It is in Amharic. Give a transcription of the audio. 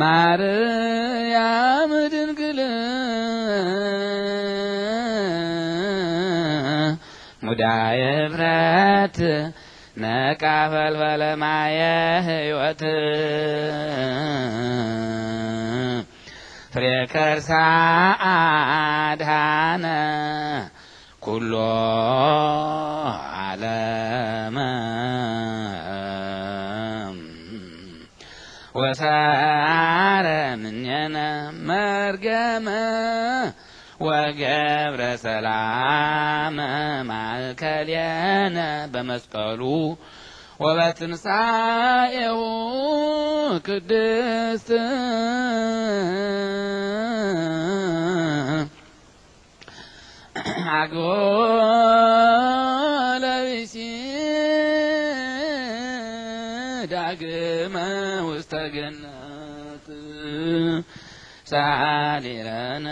ማርያም ድንግል ሙዳየ ብረት ነቃፈል በለማየ ሕይወት ፍሬ ከርሳ አድሃነ ኩሎ ዓለመ ወሳረ ምኘነ መርገመ ወገብረ ሰላመ ማእከልየነ በመስቀሉ ወበትንሣኤው ቅድስት አግቦ ለብእሲ ዳግመ ውስተ ገነት ሳሊለነ